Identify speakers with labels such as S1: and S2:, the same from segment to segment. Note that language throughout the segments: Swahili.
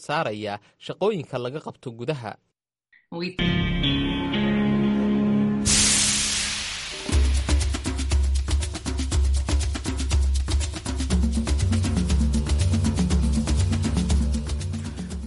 S1: saaraya shaqooyinka laga qabto gudaha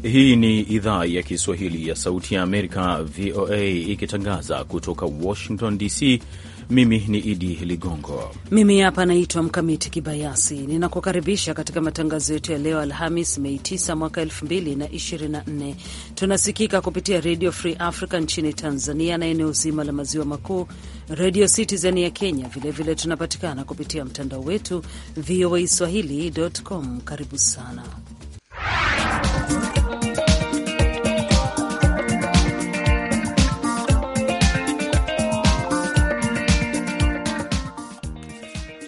S2: Hii ni idhaa ya Kiswahili ya Sauti ya Amerika, VOA, ikitangaza kutoka Washington DC. Mimi ni Idi Ligongo.
S3: Mimi hapa naitwa Mkamiti Kibayasi, ninakukaribisha katika matangazo yetu ya leo Alhamis, Mei 9 mwaka 2024. Tunasikika kupitia Redio Free Africa nchini Tanzania na eneo zima la maziwa makuu, Redio Citizen ya Kenya. Vilevile vile tunapatikana kupitia mtandao wetu voa swahili.com. Karibu sana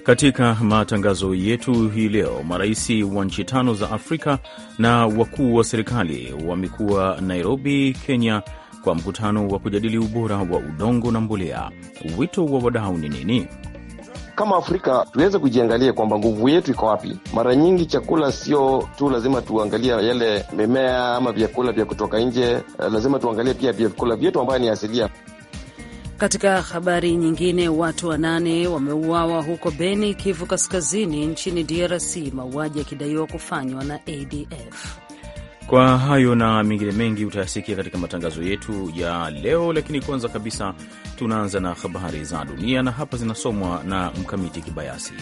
S2: Katika matangazo yetu hii leo, marais wa nchi tano za Afrika na wakuu wa serikali wamekuwa Nairobi, Kenya, kwa mkutano wa kujadili ubora wa udongo na mbolea. Wito wa wadau ni nini?
S4: Kama Afrika tuweze kujiangalia kwamba nguvu yetu iko wapi. Mara nyingi chakula sio tu, lazima tuangalia yale mimea ama vyakula vya kutoka nje, eh, lazima tuangalie pia vyakula vyetu ambayo ni asilia.
S3: Katika habari nyingine, watu wanane wameuawa huko Beni, Kivu Kaskazini, nchini DRC, mauaji yakidaiwa kufanywa na ADF.
S2: Kwa hayo na mengine mengi utayasikia katika matangazo yetu ya leo, lakini kwanza kabisa tunaanza na habari za dunia, na hapa zinasomwa na Mkamiti Kibayasi.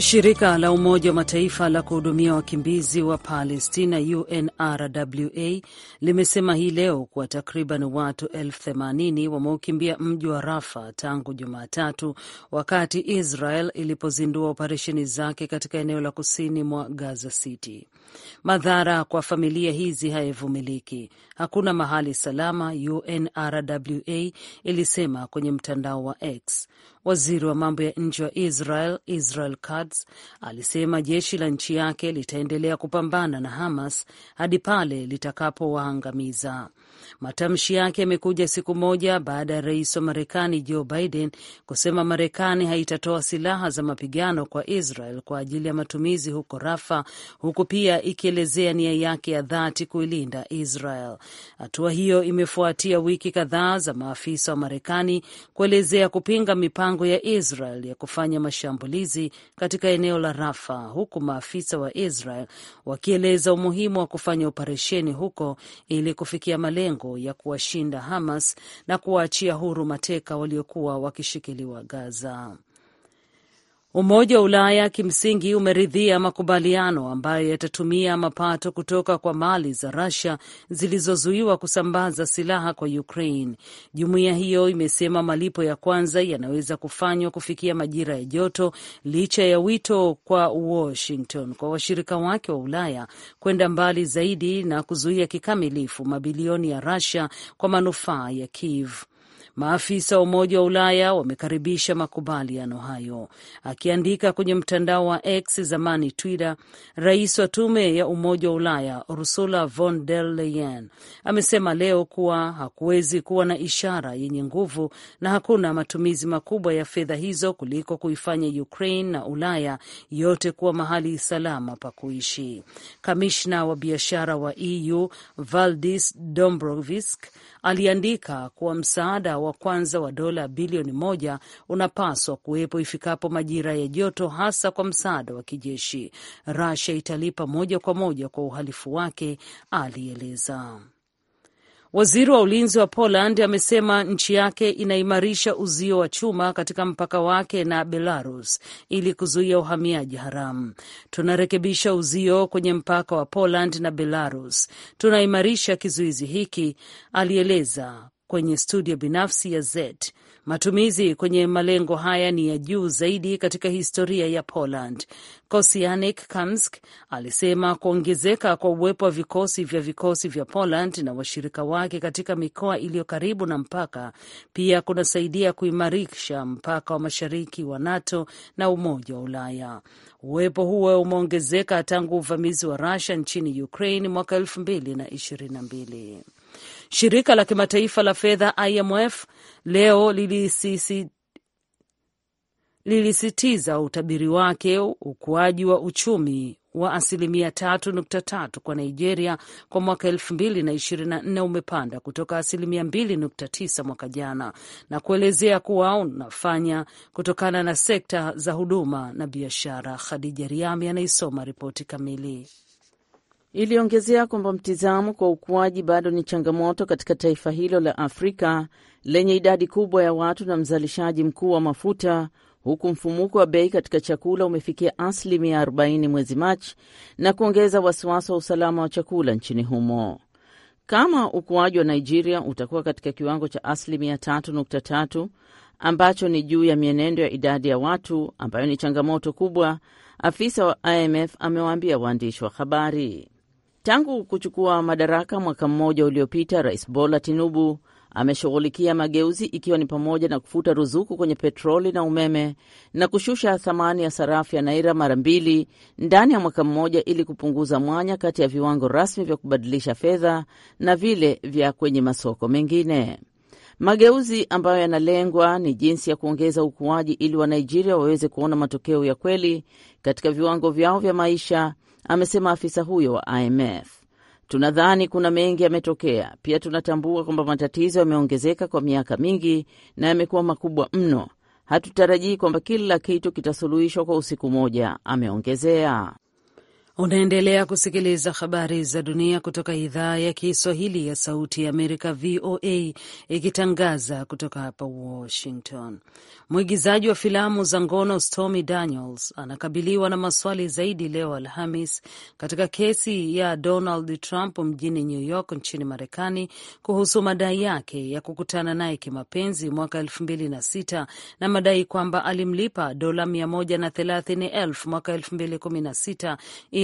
S3: Shirika la Umoja wa Mataifa la kuhudumia wakimbizi wa Palestina, UNRWA, limesema hii leo kuwa takriban watu elfu 80 wameukimbia mji wa Rafa tangu Jumatatu, wakati Israel ilipozindua operesheni zake katika eneo la kusini mwa Gaza City. Madhara kwa familia hizi hayavumiliki, hakuna mahali salama, UNRWA ilisema kwenye mtandao wa X. Waziri wa mambo ya nje wa Israel Israel Katz alisema jeshi la nchi yake litaendelea kupambana na Hamas hadi pale litakapowaangamiza. Matamshi yake yamekuja siku moja baada ya rais wa Marekani Joe Biden kusema Marekani haitatoa silaha za mapigano kwa Israel kwa ajili ya matumizi huko Rafa, huku pia ikielezea nia yake ya dhati kuilinda Israel. Hatua hiyo imefuatia wiki kadhaa za maafisa wa Marekani kuelezea kupinga mipango ya Israel ya kufanya mashambulizi katika eneo la Rafa, huku maafisa wa Israel wakieleza umuhimu wa kufanya operesheni huko ili kufikia malengo malengo ya kuwashinda Hamas na kuwaachia huru mateka waliokuwa wakishikiliwa Gaza. Umoja wa Ulaya kimsingi umeridhia makubaliano ambayo yatatumia mapato kutoka kwa mali za Russia zilizozuiwa kusambaza silaha kwa Ukraine. Jumuiya hiyo imesema malipo ya kwanza yanaweza kufanywa kufikia majira ya joto, licha ya wito kwa Washington kwa washirika wake wa Ulaya kwenda mbali zaidi na kuzuia kikamilifu mabilioni ya Russia kwa manufaa ya Kiev. Maafisa wa Umoja wa Ulaya wamekaribisha makubaliano hayo. Akiandika kwenye mtandao wa X, zamani Twitter, rais wa tume ya Umoja wa Ulaya Ursula von der Leyen amesema leo kuwa hakuwezi kuwa na ishara yenye nguvu na hakuna matumizi makubwa ya fedha hizo kuliko kuifanya Ukraine na Ulaya yote kuwa mahali salama pa kuishi. Kamishna wa biashara wa EU Valdis Dombrovskis aliandika kuwa msaada wa kwanza wa dola bilioni moja unapaswa kuwepo ifikapo majira ya joto, hasa kwa msaada wa kijeshi. rasia italipa moja kwa moja kwa uhalifu wake, alieleza. Waziri wa ulinzi wa Poland amesema nchi yake inaimarisha uzio wa chuma katika mpaka wake na Belarus ili kuzuia uhamiaji haramu. Tunarekebisha uzio kwenye mpaka wa Poland na Belarus, tunaimarisha kizuizi hiki, alieleza kwenye studio binafsi ya Z. Matumizi kwenye malengo haya ni ya juu zaidi katika historia ya Poland. Kosianik Kamsk alisema kuongezeka kwa uwepo wa vikosi vya vikosi vya Poland na washirika wake katika mikoa iliyo karibu na mpaka pia kunasaidia kuimarisha mpaka wa mashariki wa NATO na Umoja wa Ulaya. Uwepo huo umeongezeka tangu uvamizi wa Rusia nchini Ukraine mwaka elfu mbili na ishirini na mbili. Shirika la kimataifa la fedha IMF leo lilisisi lilisitiza utabiri wake ukuaji wa uchumi wa asilimia tatu nukta tatu kwa Nigeria kwa mwaka elfu mbili na ishirini na nne umepanda kutoka asilimia mbili nukta tisa mwaka jana, na kuelezea kuwa unafanya kutokana na sekta za huduma na biashara. Khadija Riami anaisoma ripoti kamili.
S5: Iliongezea kwamba mtizamo kwa ukuaji bado ni changamoto katika taifa hilo la Afrika lenye idadi kubwa ya watu na mzalishaji mkuu wa mafuta, huku mfumuko wa bei katika chakula umefikia asilimia 40 mwezi Machi na kuongeza wasiwasi wa usalama wa chakula nchini humo. Kama ukuaji wa Nigeria utakuwa katika kiwango cha asilimia 3.3 ambacho ni juu ya mienendo ya idadi ya watu ambayo ni changamoto kubwa, afisa wa IMF amewaambia waandishi wa habari. Tangu kuchukua madaraka mwaka mmoja uliopita, Rais Bola Tinubu ameshughulikia mageuzi ikiwa ni pamoja na kufuta ruzuku kwenye petroli na umeme na kushusha thamani ya sarafu ya naira mara mbili ndani ya mwaka mmoja ili kupunguza mwanya kati ya viwango rasmi vya kubadilisha fedha na vile vya kwenye masoko mengine. Mageuzi ambayo yanalengwa ni jinsi ya kuongeza ukuaji ili Wanigeria waweze kuona matokeo ya kweli katika viwango vyao vya maisha amesema afisa huyo wa IMF. Tunadhani kuna mengi yametokea. Pia tunatambua kwamba matatizo yameongezeka kwa miaka mingi na yamekuwa makubwa mno. Hatutarajii kwamba kila kitu kitasuluhishwa kwa usiku moja, ameongezea.
S3: Unaendelea kusikiliza habari za dunia kutoka idhaa ya Kiswahili ya Sauti ya Amerika, VOA, ikitangaza kutoka hapa Washington. Mwigizaji wa filamu za ngono Stormy Daniels anakabiliwa na maswali zaidi leo Alhamis katika kesi ya Donald Trump mjini New York nchini Marekani kuhusu madai yake ya kukutana naye kimapenzi mwaka elfu mbili na sita na madai kwamba alimlipa dola mia moja na thelathini elfu mwaka elfu mbili kumi na sita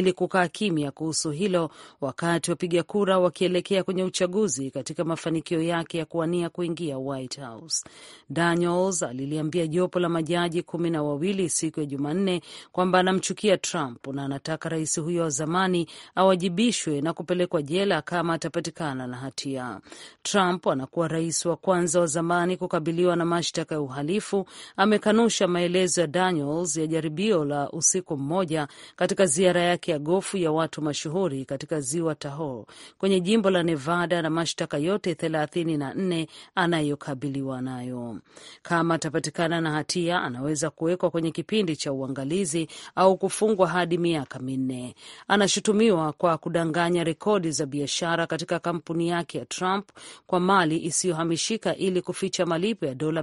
S3: ili kukaa kimya kuhusu hilo wakati wapiga kura wakielekea kwenye uchaguzi katika mafanikio yake ya kuwania kuingia White House. Daniels aliliambia jopo la majaji kumi na wawili siku ya Jumanne kwamba anamchukia Trump na anataka rais huyo wa zamani awajibishwe na kupelekwa jela kama atapatikana na hatia. Trump anakuwa rais wa kwanza wa zamani kukabiliwa na mashtaka ya uhalifu. Amekanusha maelezo ya Daniels ya jaribio la usiku mmoja katika ziara yake ya gofu ya watu mashuhuri katika ziwa Tahoe kwenye jimbo la Nevada na mashtaka yote 34 anayokabiliwa nayo. Kama atapatikana na hatia, anaweza kuwekwa kwenye kipindi cha uangalizi au kufungwa hadi miaka minne. Anashutumiwa kwa kudanganya rekodi za biashara katika kampuni yake ya Trump kwa mali isiyohamishika ili kuficha malipo ya dola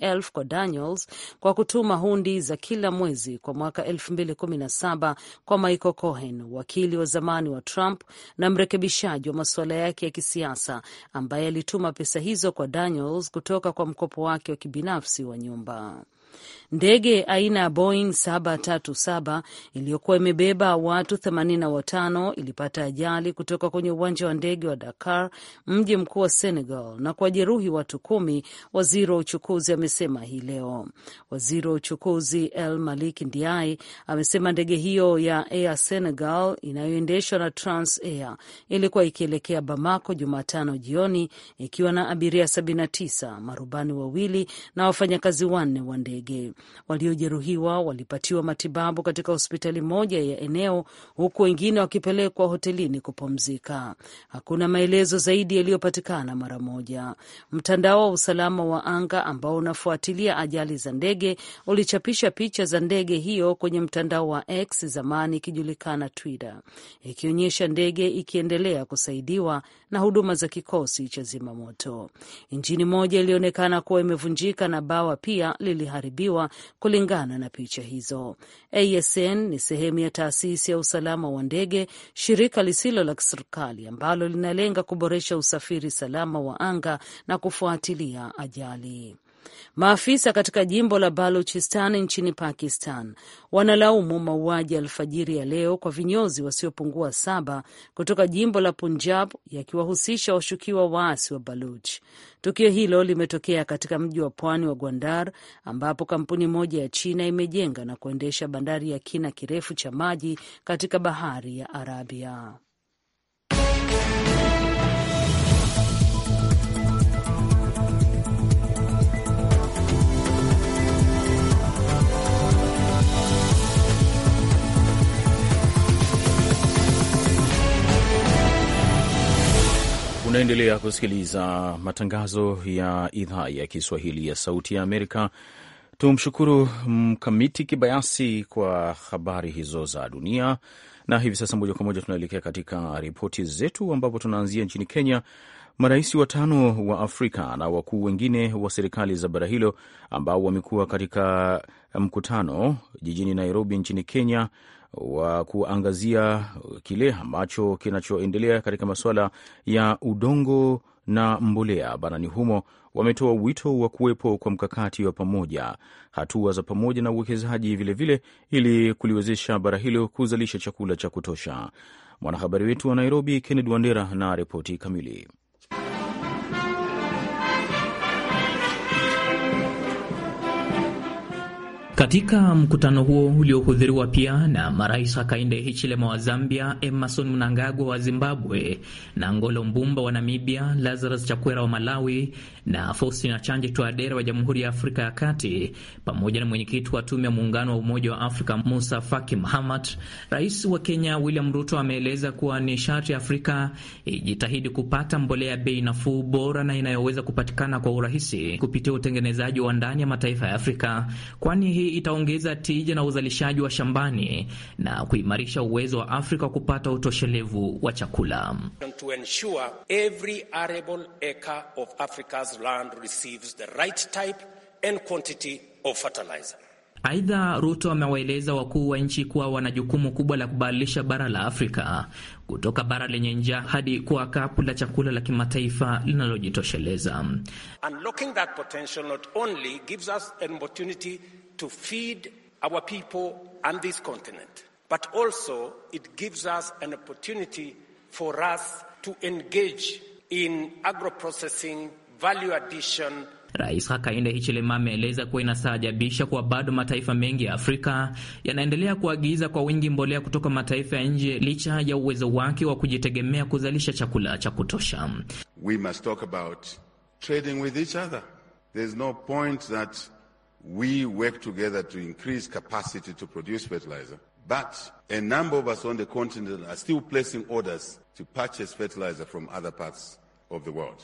S3: elfu kwa Daniels kwa kutuma hundi za kila mwezi kwa mwaka saba kwa Michael Cohen, wakili wa zamani wa Trump na mrekebishaji wa masuala yake ya kisiasa, ambaye alituma pesa hizo kwa Daniels kutoka kwa mkopo wake wa kibinafsi wa nyumba. Ndege aina ya Boeing 737 iliyokuwa imebeba watu 85 ilipata ajali kutoka kwenye uwanja wa ndege wa Dakar, mji mkuu wa Senegal, na kuwajeruhi watu kumi, waziri wa uchukuzi amesema hii leo. Waziri wa uchukuzi El Malik Ndiaye amesema ndege hiyo ya Air Senegal inayoendeshwa na Trans Air ilikuwa ikielekea Bamako Jumatano jioni ikiwa na abiria 79, marubani wawili na wafanyakazi wanne wa ndege ndege. Waliojeruhiwa walipatiwa matibabu katika hospitali moja ya eneo, huku wengine wakipelekwa hotelini kupumzika. Hakuna maelezo zaidi yaliyopatikana mara moja. Mtandao wa usalama wa anga ambao unafuatilia ajali za ndege ulichapisha picha za ndege hiyo kwenye mtandao wa X, zamani ikijulikana Twitter, ikionyesha ndege ikiendelea kusaidiwa na huduma za kikosi cha zimamoto. Injini moja ilionekana kuwa imevunjika na bawa pia liliharibika kuharibiwa kulingana na picha hizo. ASN ni sehemu ya taasisi ya usalama wa ndege, shirika lisilo la kiserikali ambalo linalenga kuboresha usafiri salama wa anga na kufuatilia ajali. Maafisa katika jimbo la Baluchistan nchini Pakistan wanalaumu mauaji alfajiri ya leo kwa vinyozi wasiopungua saba kutoka jimbo la Punjab yakiwahusisha washukiwa waasi wa Baluch. Tukio hilo limetokea katika mji wa pwani wa Gwandar ambapo kampuni moja ya China imejenga na kuendesha bandari ya kina kirefu cha maji katika bahari ya Arabia.
S2: Unaendelea kusikiliza matangazo ya idhaa ya Kiswahili ya Sauti ya Amerika. Tumshukuru Mkamiti Kibayasi kwa habari hizo za dunia, na hivi sasa moja kwa moja tunaelekea katika ripoti zetu, ambapo tunaanzia nchini Kenya. Marais watano wa Afrika na wakuu wengine wa serikali za bara hilo ambao wamekuwa katika mkutano jijini Nairobi nchini Kenya wa kuangazia kile ambacho kinachoendelea katika masuala ya udongo na mbolea barani humo wametoa wito wa kuwepo kwa mkakati wa pamoja, hatua za pamoja na uwekezaji vilevile, ili kuliwezesha bara hilo kuzalisha chakula cha kutosha. Mwanahabari wetu wa Nairobi, Kennedy Wandera, na ripoti kamili.
S1: Katika mkutano huo uliohudhuriwa pia na marais Hakainde Hichilema wa Zambia, Emerson Mnangagwa wa Zimbabwe na Ngolo Mbumba wa Namibia, Lazarus Chakwera wa Malawi na Faustin Achanje Twadera wa Jamhuri ya Afrika ya Kati, pamoja na mwenyekiti wa Tume ya Muungano wa Umoja wa Afrika Musa Faki Mahamat. Rais wa Kenya William Ruto ameeleza kuwa nishati sharti Afrika ijitahidi kupata mbolea bei nafuu, bora na inayoweza kupatikana kwa urahisi kupitia utengenezaji wa ndani ya mataifa ya Afrika, kwani hii itaongeza tija na uzalishaji wa shambani na kuimarisha uwezo wa Afrika kupata utoshelevu wa chakula. Aidha, Ruto amewaeleza wakuu wa nchi kuwa wana jukumu kubwa la kubadilisha bara la Afrika kutoka bara lenye njaa hadi kuwa kapu la chakula la kimataifa linalojitosheleza.
S6: to feed our people and this continent. But also, it gives us an opportunity for us to engage in agro-processing, value addition,
S1: Rais Hakainde Hichilema ameeleza kuwa inastaajabisha kuwa bado mataifa mengi ya Afrika yanaendelea kuagiza kwa wingi mbolea kutoka mataifa ya nje licha ya uwezo wake wa kujitegemea kuzalisha chakula cha kutosha.
S3: We must talk about trading with each other. There's no point that we work together to increase capacity to produce fertilizer. But a number of us on the continent are still placing orders to purchase fertilizer from other parts of the world.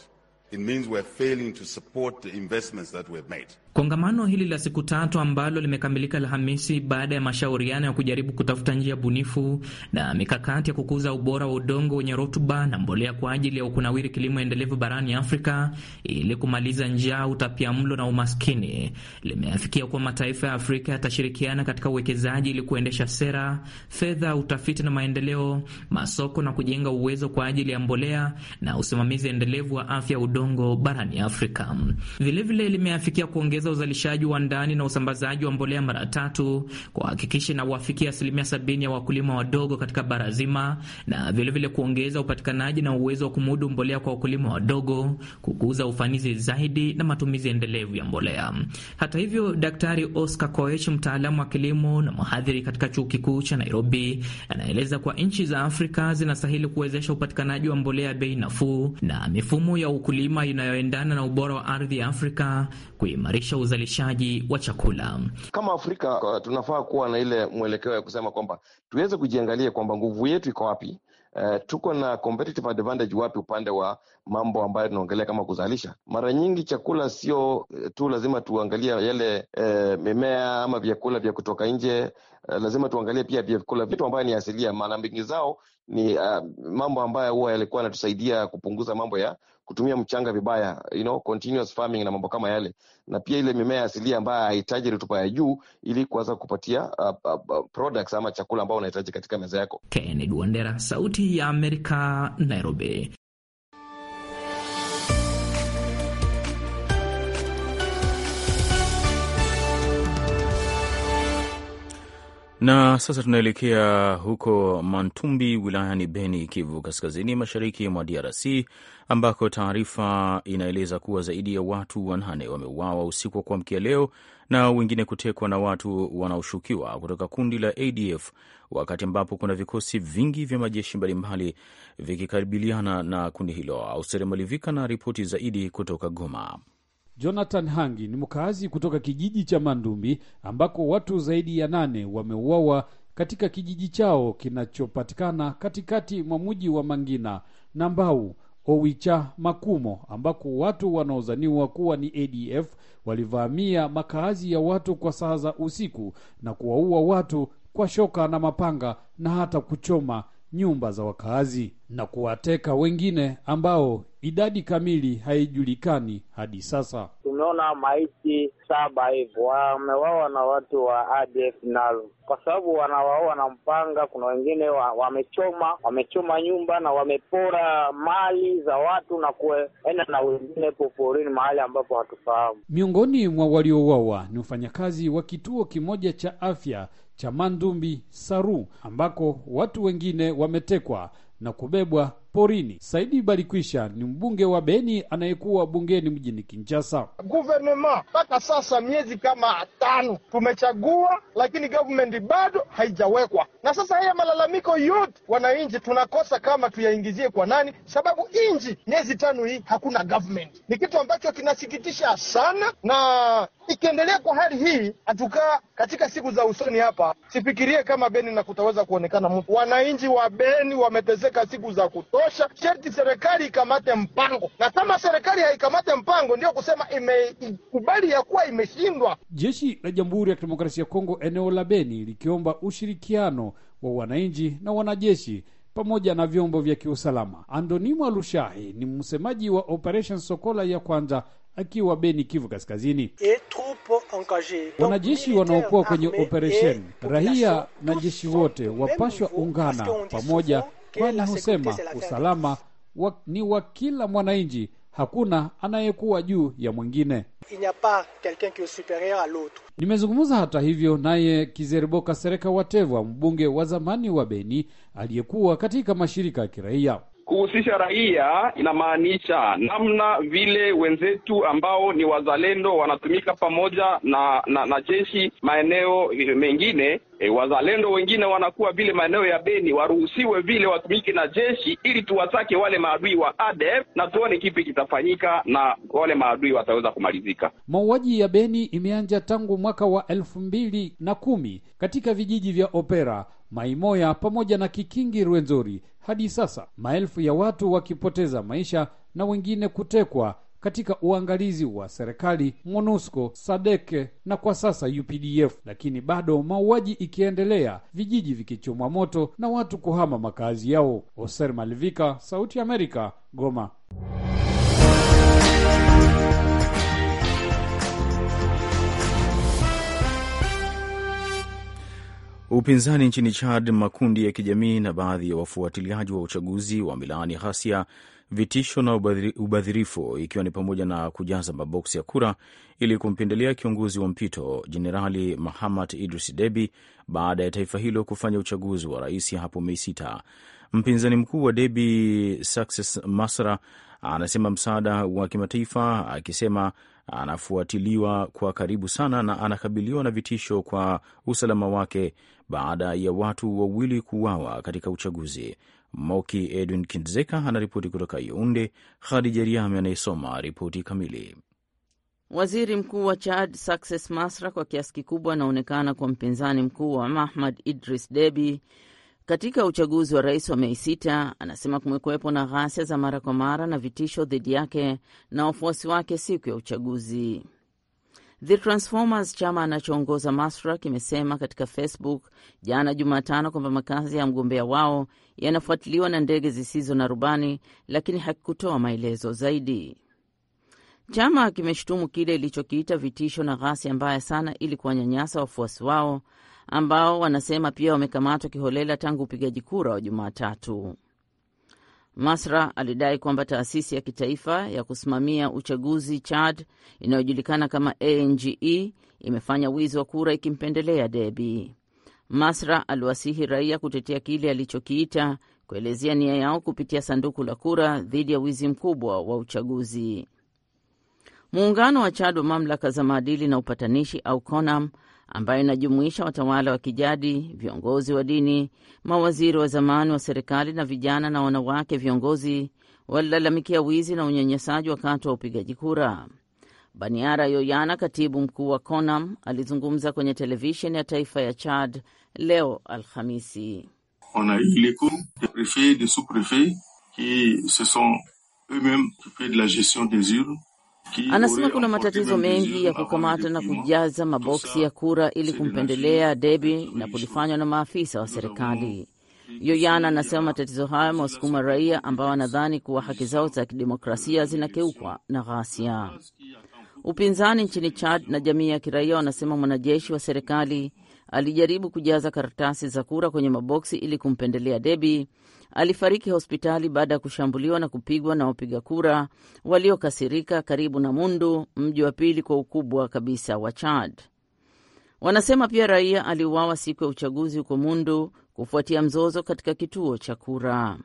S3: It means we're failing to support the investments that we've made.
S1: Kongamano hili la siku tatu ambalo limekamilika Alhamisi baada ya mashauriano ya kujaribu kutafuta njia bunifu na mikakati ya kukuza ubora wa udongo wenye rutuba na mbolea kwa ajili ya ukunawiri kilimo endelevu barani Afrika ili kumaliza njaa, utapiamlo na umaskini, limeafikia kuwa mataifa ya Afrika yatashirikiana katika uwekezaji ili kuendesha sera, fedha, utafiti na maendeleo, masoko na kujenga uwezo kwa ajili ya mbolea na usimamizi endelevu wa afya ya udongo barani Afrika. Vilevile limeafikia kuongeza kuongeza uzalishaji wa ndani na usambazaji wa mbolea mara tatu kuhakikisha inawafikia asilimia sabini ya wakulima wadogo katika bara zima, na vilevile vile kuongeza upatikanaji na uwezo wa kumudu mbolea kwa wakulima wadogo, kukuza ufanisi zaidi na matumizi endelevu ya mbolea. Hata hivyo, Daktari Oscar Koech, mtaalamu wa kilimo na mhadhiri katika chuo kikuu cha Nairobi, anaeleza kuwa nchi za Afrika zinastahili kuwezesha upatikanaji wa mbolea bei nafuu na mifumo ya ukulima inayoendana na ubora wa ardhi ya Afrika kuimarisha kuboresha uzalishaji wa chakula.
S4: Kama Afrika uh, tunafaa kuwa na ile mwelekeo ya kusema kwamba tuweze kujiangalia kwamba nguvu yetu iko wapi. Uh, tuko na competitive advantage wapi upande wa mambo ambayo tunaongelea kama kuzalisha. Mara nyingi chakula sio uh, tu lazima tuangalia yale uh, mimea ama vyakula vya kutoka nje Eh, lazima tuangalie pia vyakula vyetu ambayo ni asilia. Maana mbingi zao ni uh, mambo ambayo huwa yalikuwa yanatusaidia kupunguza mambo ya kutumia mchanga vibaya, you know, continuous farming na mambo kama yale, na pia ile mimea asilia ambayo haihitaji rutuba ya juu ili kuweza kupatia uh, uh, products ama chakula ambao unahitaji katika meza yako.
S1: Kennedy Wandera, Sauti ya Amerika, Nairobi.
S2: Na sasa tunaelekea huko Mantumbi wilayani Beni, Kivu Kaskazini, mashariki mwa DRC, ambako taarifa inaeleza kuwa zaidi ya watu wanane wameuawa usiku wa kuamkia leo na wengine kutekwa na watu wanaoshukiwa kutoka kundi la ADF, wakati ambapo kuna vikosi vingi vya majeshi mbalimbali vikikabiliana na kundi hilo. auseremalivika Malivika na ripoti zaidi kutoka Goma.
S7: Jonathan Hangi ni mkaazi kutoka kijiji cha Mandumbi ambako watu zaidi ya nane wameuawa katika kijiji chao kinachopatikana katikati mwa mji wa Mangina na Mbau Owicha Makumo, ambako watu wanaozaniwa kuwa ni ADF walivamia makaazi ya watu kwa saa za usiku na kuwaua watu kwa shoka na mapanga na hata kuchoma nyumba za wakaazi na kuwateka wengine ambao idadi kamili haijulikani hadi sasa.
S6: Tumeona maiti saba hivo wamewawa na watu wa ADF NALU, kwa sababu wanawaua na mpanga. Kuna wengine wa, wamechoma wamechoma nyumba na wamepora mali za watu na kuenda na
S7: wengine poporini mahali ambapo hatufahamu. Miongoni mwa waliouawa ni mfanyakazi wa kituo kimoja cha afya cha Mandumbi Saru ambako watu wengine wametekwa na kubebwa porini. Saidi Barikwisha ni mbunge wa Beni anayekuwa bungeni mjini Kinshasa.
S4: Guvernema mpaka sasa miezi kama tano tumechagua, lakini government bado haijawekwa, na sasa haya malalamiko yote wananchi tunakosa kama tuyaingizie kwa nani, sababu nchi miezi tano hii hakuna government. Ni kitu ambacho kinasikitisha sana, na ikiendelea kwa hali hii hatukaa katika siku za usoni hapa, sifikirie kama Beni na kutaweza kuonekana mtu. Wananchi wa Beni wameteseka siku za kutoa kutosha, sherti serikali ikamate mpango, na kama serikali haikamate mpango, ndio kusema imekubali ya kuwa imeshindwa. Jeshi la Jamhuri
S7: ya Kidemokrasia ya Kongo eneo la Beni likiomba ushirikiano wa wananchi na wanajeshi pamoja na vyombo vya kiusalama. Andoni Mwalushahi ni msemaji wa Operation Sokola ya kwanza akiwa Beni, Kivu Kaskazini. Wanajeshi wanaokuwa kwenye operesheni, raia na jeshi wote wapashwa ungana pamoja kwani husema usalama wa, ni wa kila mwananchi. Hakuna anayekuwa juu ya mwingine. Nimezungumza hata hivyo naye Kizeriboka Sereka Watevwa, mbunge wa zamani wa Beni aliyekuwa katika mashirika ya kiraia.
S4: Kuhusisha raia inamaanisha namna vile wenzetu ambao ni wazalendo wanatumika pamoja na, na, na jeshi maeneo mengine E, wazalendo wengine wanakuwa vile maeneo ya Beni waruhusiwe vile watumike na jeshi ili tuwatake wale maadui wa ADF na tuone kipi kitafanyika na wale maadui wataweza kumalizika.
S7: Mauaji ya Beni imeanza tangu mwaka wa elfu mbili na kumi katika vijiji vya Opera, Maimoya pamoja na Kikingi Rwenzori hadi sasa maelfu ya watu wakipoteza maisha na wengine kutekwa katika uangalizi wa serikali, MONUSCO, sadeke na kwa sasa UPDF, lakini bado mauaji ikiendelea, vijiji vikichomwa moto na watu kuhama makazi yao. Oser Malivika, Sauti ya Amerika, Goma.
S2: Upinzani nchini Chad, makundi ya kijamii na baadhi ya wafuatiliaji wa uchaguzi wa milaani ghasia, vitisho na ubadhirifu, ikiwa ni pamoja na kujaza maboksi ya kura ili kumpendelea kiongozi wa mpito Jenerali Mahamat Idris debi baada ya taifa hilo kufanya uchaguzi wa rais hapo Mei sita. Mpinzani mkuu wa debi Success Masra anasema msaada wa kimataifa, akisema anafuatiliwa kwa karibu sana na anakabiliwa na vitisho kwa usalama wake baada ya watu wawili kuuawa katika uchaguzi. Moki Edwin Kinzeka anaripoti kutoka Yeunde. Khadija Riami anayesoma ripoti kamili.
S5: Waziri Mkuu wa Chad Success Masra kwa kiasi kikubwa anaonekana kwa mpinzani mkuu wa Mahmad Idris Debi katika uchaguzi wa rais wa Mei sita. Anasema kumekuwepo na ghasia za mara kwa mara na vitisho dhidi yake na wafuasi wake siku ya uchaguzi. The Transformers, chama anachoongoza Masra, kimesema katika Facebook jana Jumatano kwamba makazi ya mgombea wao yanafuatiliwa na ndege zisizo na rubani, lakini hakikutoa maelezo zaidi. Chama kimeshutumu kile ilichokiita vitisho na ghasia mbaya sana ili kuwanyanyasa wafuasi wao ambao wanasema pia wamekamatwa kiholela tangu upigaji kura wa Jumatatu. Masra alidai kwamba taasisi ya kitaifa ya kusimamia uchaguzi Chad inayojulikana kama ANGE imefanya wizi wa kura ikimpendelea Debi. Masra aliwasihi raia kutetea kile alichokiita kuelezea nia yao kupitia sanduku la kura dhidi ya wizi mkubwa wa uchaguzi. Muungano wa Chad wa mamlaka za maadili na upatanishi au CONAM ambayo inajumuisha watawala wa kijadi, viongozi wa dini, mawaziri wa zamani wa serikali na vijana na wanawake viongozi walilalamikia wizi na unyanyasaji wakati wa upigaji kura. Baniara Yoyana, katibu mkuu wa CONAM, alizungumza kwenye televisheni ya taifa ya Chad leo Alhamisi. Anasema kuna matatizo mengi ya kukamata na kujaza maboksi ya kura ili kumpendelea Debi na kulifanywa na maafisa wa serikali. Yoyana anasema matatizo hayo amewasukuma raia ambao anadhani kuwa haki zao za kidemokrasia zinakeukwa na ghasia. Upinzani nchini Chad na jamii ya kiraia wanasema mwanajeshi wa serikali alijaribu kujaza karatasi za kura kwenye maboksi ili kumpendelea Debi alifariki hospitali baada ya kushambuliwa na kupigwa na wapiga kura waliokasirika karibu na Mundu, mji wa pili kwa ukubwa kabisa wa Chad. Wanasema pia raia aliuawa siku ya uchaguzi huko Mundu kufuatia mzozo katika kituo cha kura.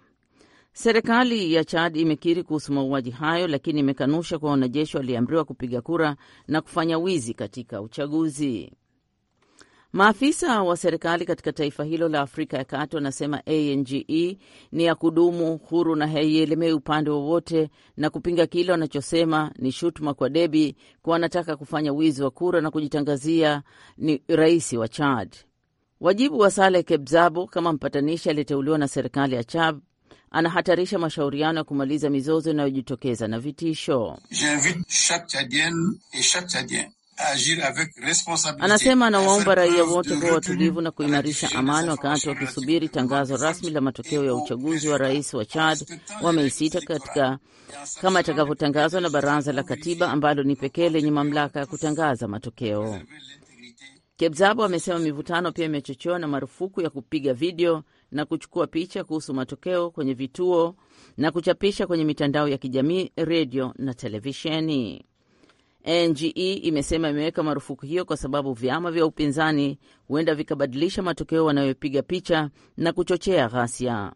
S5: Serikali ya Chad imekiri kuhusu mauaji hayo, lakini imekanusha kuwa wanajeshi waliamriwa kupiga kura na kufanya wizi katika uchaguzi. Maafisa wa serikali katika taifa hilo la Afrika ya Kati wanasema ANGE ni ya kudumu, huru na haielemei upande wowote, na kupinga kile wanachosema ni shutuma kwa Debi kuwa anataka kufanya wizi wa kura na kujitangazia ni rais wa Chad. Wajibu wa Saleh Kebzabo kama mpatanishi aliyeteuliwa na serikali ya Chad anahatarisha mashauriano ya kumaliza mizozo inayojitokeza na vitisho.
S7: Anasema anawaomba
S5: raia wote kuwa watulivu na kuimarisha amani wakati wakisubiri tangazo rasmi la matokeo ya uchaguzi wa rais wa Chad wa Mei sita katika kama itakavyotangazwa na baraza la katiba ambalo ni pekee lenye mamlaka ya kutangaza matokeo. Kebzabo amesema mivutano pia imechochewa na marufuku ya kupiga video na kuchukua picha kuhusu matokeo kwenye vituo na kuchapisha kwenye mitandao ya kijamii, redio na televisheni. NGE imesema imeweka marufuku hiyo kwa sababu vyama vya upinzani huenda vikabadilisha matokeo wanayopiga picha na kuchochea ghasia.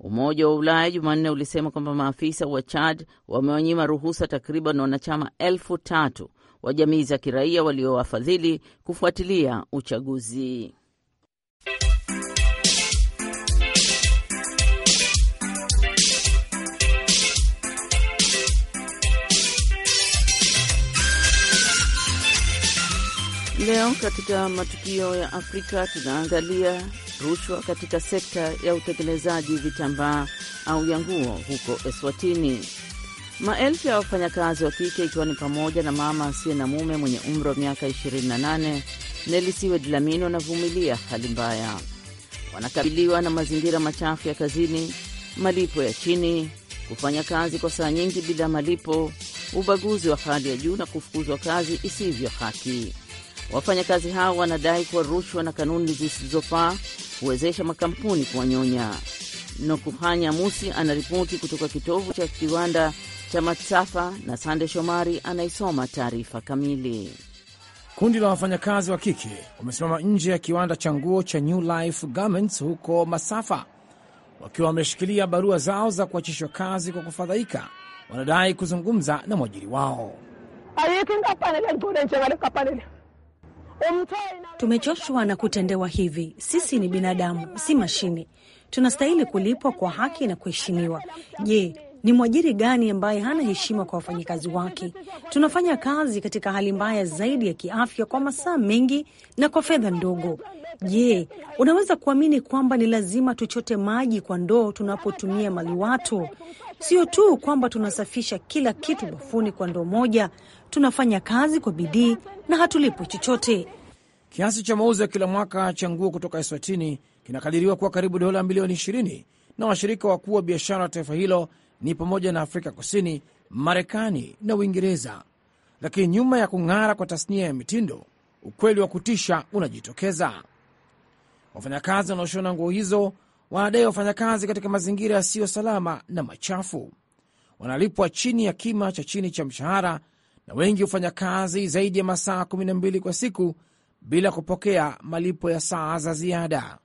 S5: Umoja wa Ulaya Jumanne ulisema kwamba maafisa wa Chad wamewanyima ruhusa takriban wanachama elfu tatu wa jamii za kiraia waliowafadhili kufuatilia uchaguzi. Leo katika matukio ya Afrika tunaangalia rushwa katika sekta ya utengenezaji vitambaa au ya nguo huko Eswatini. Maelfu ya wafanyakazi wa kike ikiwa ni pamoja na mama asiye na mume mwenye umri wa miaka 28 Nelisiwe Dlamini wanavumilia hali mbaya. Wanakabiliwa na mazingira machafu ya kazini, malipo ya chini, kufanya kazi kwa saa nyingi bila malipo, ubaguzi wa hali ya juu na kufukuzwa kazi isivyo haki. Wafanyakazi hao wanadai kuwa rushwa na kanuni zisizofaa huwezesha makampuni kuwanyonya. Nokuhanya Musi anaripoti kutoka kitovu cha kiwanda cha Matsafa na Sande Shomari anaisoma taarifa kamili.
S6: Kundi la wafanyakazi wa kike wamesimama nje ya kiwanda cha nguo cha New Life Garments huko Masafa wakiwa wameshikilia barua zao za kuachishwa kazi kwa kufadhaika. Wanadai kuzungumza na mwajiri
S3: wao. Tumechoshwa na kutendewa hivi. Sisi ni binadamu, si mashine. Tunastahili kulipwa kwa haki na kuheshimiwa. Je, ni mwajiri gani ambaye hana heshima kwa wafanyakazi wake? Tunafanya kazi katika hali mbaya zaidi ya kiafya, kwa masaa mengi na kwa fedha ndogo. Je, unaweza kuamini kwamba ni lazima tuchote maji kwa ndoo tunapotumia maliwato? Sio tu kwamba tunasafisha kila kitu bafuni kwa ndoo moja, tunafanya kazi kwa bidii na hatulipwi chochote. Kiasi
S6: cha mauzo ya kila mwaka cha nguo kutoka Eswatini kinakadiriwa kuwa karibu dola milioni 20 na washirika wakuu wa biashara wa taifa hilo ni pamoja na Afrika Kusini, Marekani na Uingereza. Lakini nyuma ya kung'ara kwa tasnia ya mitindo, ukweli wa kutisha unajitokeza. Wafanyakazi wanaoshona nguo hizo wanadai wafanyakazi katika mazingira yasiyo salama na machafu, wanalipwa chini ya kima cha chini cha mshahara na wengi hufanya kazi zaidi ya masaa 12 kwa siku bila kupokea malipo ya saa za ziada.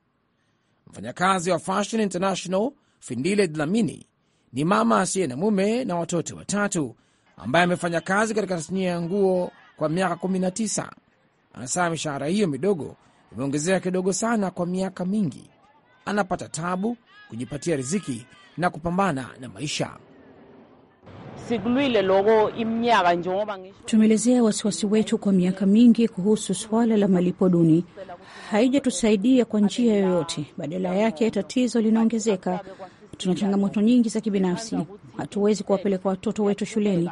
S6: Mfanyakazi wa Fashion International Findile Dlamini ni mama asiye na mume na watoto watatu ambaye amefanya kazi katika tasnia ya nguo kwa miaka 19. Anasema mishahara hiyo midogo imeongezeka kidogo sana kwa miaka mingi. Anapata tabu kujipatia riziki na kupambana na maisha.
S5: Tumeelezea wasiwasi wetu kwa miaka mingi kuhusu swala la malipo duni. Haijatusaidia kwa njia yoyote, badala yake tatizo linaongezeka. Tuna changamoto nyingi za kibinafsi, hatuwezi kuwapeleka watoto wetu shuleni.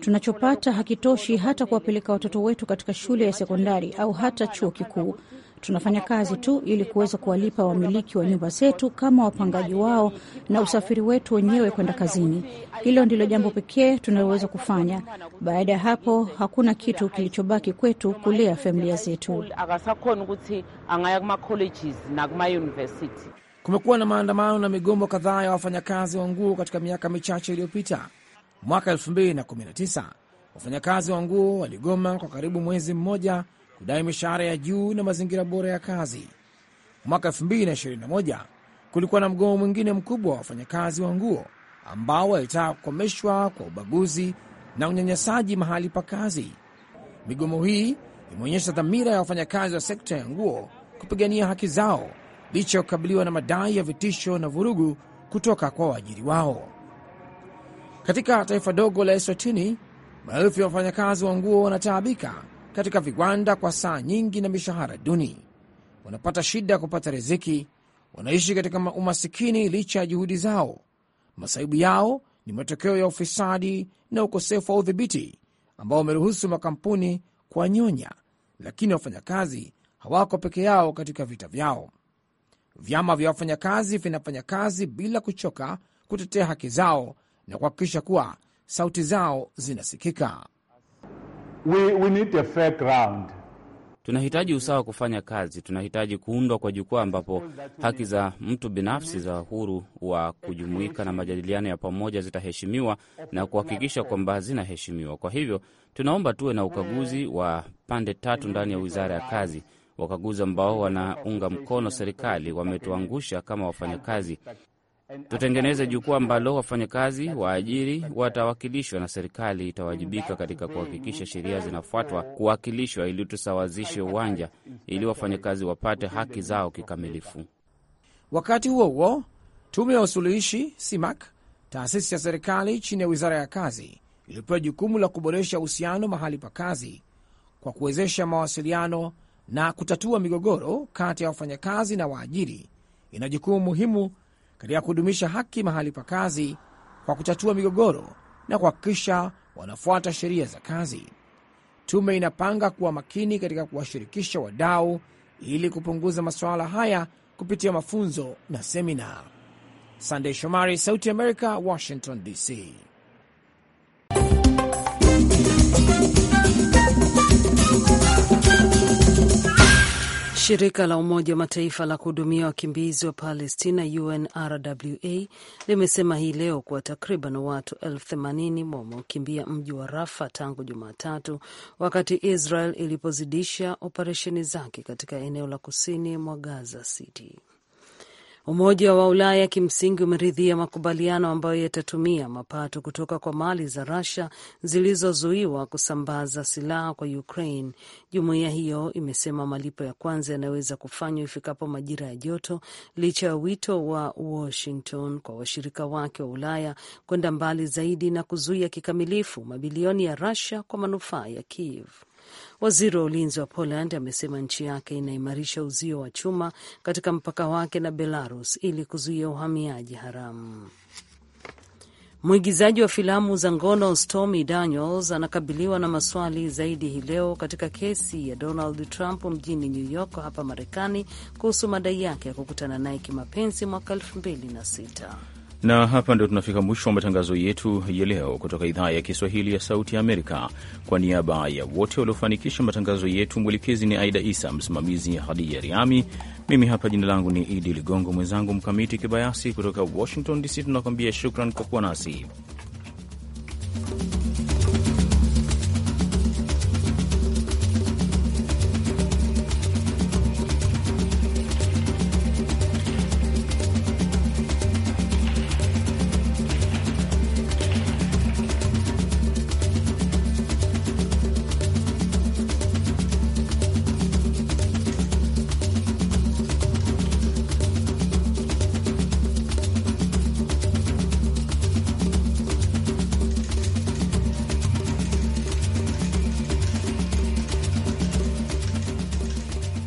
S5: Tunachopata hakitoshi hata kuwapeleka watoto wetu katika shule ya sekondari au hata chuo kikuu. Tunafanya kazi tu ili kuweza kuwalipa wamiliki wa nyumba zetu kama wapangaji wao na usafiri wetu wenyewe kwenda kazini. Hilo ndilo jambo pekee tunaloweza kufanya. Baada ya hapo, hakuna kitu kilichobaki kwetu kulea familia zetu. Kumekuwa
S1: na maandamano na migomo
S6: kadhaa ya wafanyakazi wa nguo katika miaka michache iliyopita. Mwaka 2019 wafanyakazi wa nguo waligoma kwa karibu mwezi mmoja kudai mishahara ya juu na mazingira bora ya kazi. Mwaka 2021 kulikuwa na mgomo mwingine mkubwa wa wafanyakazi wa nguo ambao walitaka kukomeshwa kwa ubaguzi na unyanyasaji mahali pa kazi. Migomo hii imeonyesha dhamira ya wafanyakazi wa sekta ya nguo kupigania haki zao licha ya kukabiliwa na madai ya vitisho na vurugu kutoka kwa waajiri wao. Katika taifa dogo la Eswatini, maelfu ya wafanyakazi wa nguo wanataabika katika viwanda kwa saa nyingi na mishahara duni. Wanapata shida ya kupata riziki, wanaishi katika umasikini licha ya juhudi zao. Masaibu yao ni matokeo ya ufisadi na ukosefu wa udhibiti ambao wameruhusu makampuni kuwanyonya, lakini wafanyakazi hawako peke yao katika vita vyao. Vyama vya wafanyakazi vinafanya kazi bila kuchoka kutetea haki zao na kuhakikisha kuwa sauti zao zinasikika
S1: we, we need a fair ground. Tunahitaji usawa kufanya kazi. Tunahitaji kuundwa kwa jukwaa ambapo haki za mtu binafsi za uhuru wa kujumuika na majadiliano ya pamoja zitaheshimiwa na kuhakikisha kwamba zinaheshimiwa. Kwa hivyo tunaomba tuwe na ukaguzi wa pande tatu ndani ya wizara ya kazi. Wakaguzi ambao wanaunga mkono serikali wametuangusha kama wafanyakazi. Tutengeneze jukwaa ambalo wafanyakazi, waajiri watawakilishwa na serikali itawajibika katika kuhakikisha sheria zinafuatwa, kuwakilishwa ili tusawazishe uwanja, ili wafanyakazi wapate haki zao kikamilifu.
S6: Wakati huo huo, tume ya usuluhishi SIMAK, taasisi ya serikali chini ya wizara ya kazi, iliyopewa jukumu la kuboresha uhusiano mahali pa kazi kwa kuwezesha mawasiliano na kutatua migogoro kati ya wafanyakazi na waajiri, ina jukumu muhimu katika kudumisha haki mahali pa kazi kwa kutatua migogoro na kuhakikisha wanafuata sheria za kazi. Tume inapanga kuwa makini katika kuwashirikisha wadau ili kupunguza masuala haya kupitia mafunzo na semina. Sandey Shomari, Sauti ya Amerika, Washington DC.
S3: Shirika la Umoja wa Mataifa la kuhudumia wakimbizi wa Palestina, UNRWA, limesema hii leo kuwa takriban watu elfu themanini wameukimbia mji wa Rafa tangu Jumatatu, wakati Israel ilipozidisha operesheni zake katika eneo la kusini mwa Gaza City. Umoja wa Ulaya kimsingi umeridhia makubaliano ambayo yatatumia mapato kutoka kwa mali za rasha zilizozuiwa kusambaza silaha kwa Ukraine. Jumuiya hiyo imesema malipo ya kwanza yanaweza kufanywa ifikapo majira ya joto, licha ya wito wa Washington kwa washirika wake wa Ulaya kwenda mbali zaidi na kuzuia kikamilifu mabilioni ya rasha kwa manufaa ya Kiev. Waziri wa ulinzi wa Poland amesema nchi yake inaimarisha uzio wa chuma katika mpaka wake na Belarus ili kuzuia uhamiaji haramu. Mwigizaji wa filamu za ngono Stormy Daniels anakabiliwa na maswali zaidi hii leo katika kesi ya Donald Trump mjini New York hapa Marekani kuhusu madai yake ya kukutana naye kimapenzi mwaka 26
S2: na hapa ndio tunafika mwisho wa matangazo yetu ya leo kutoka idhaa ya Kiswahili ya Sauti ya Amerika. Kwa niaba ya wote waliofanikisha matangazo yetu, mwelekezi ni Aida Isa, msimamizi Hadija Riami, mimi hapa jina langu ni Idi Ligongo, mwenzangu Mkamiti Kibayasi kutoka Washington DC, tunakuambia shukran kwa kuwa nasi.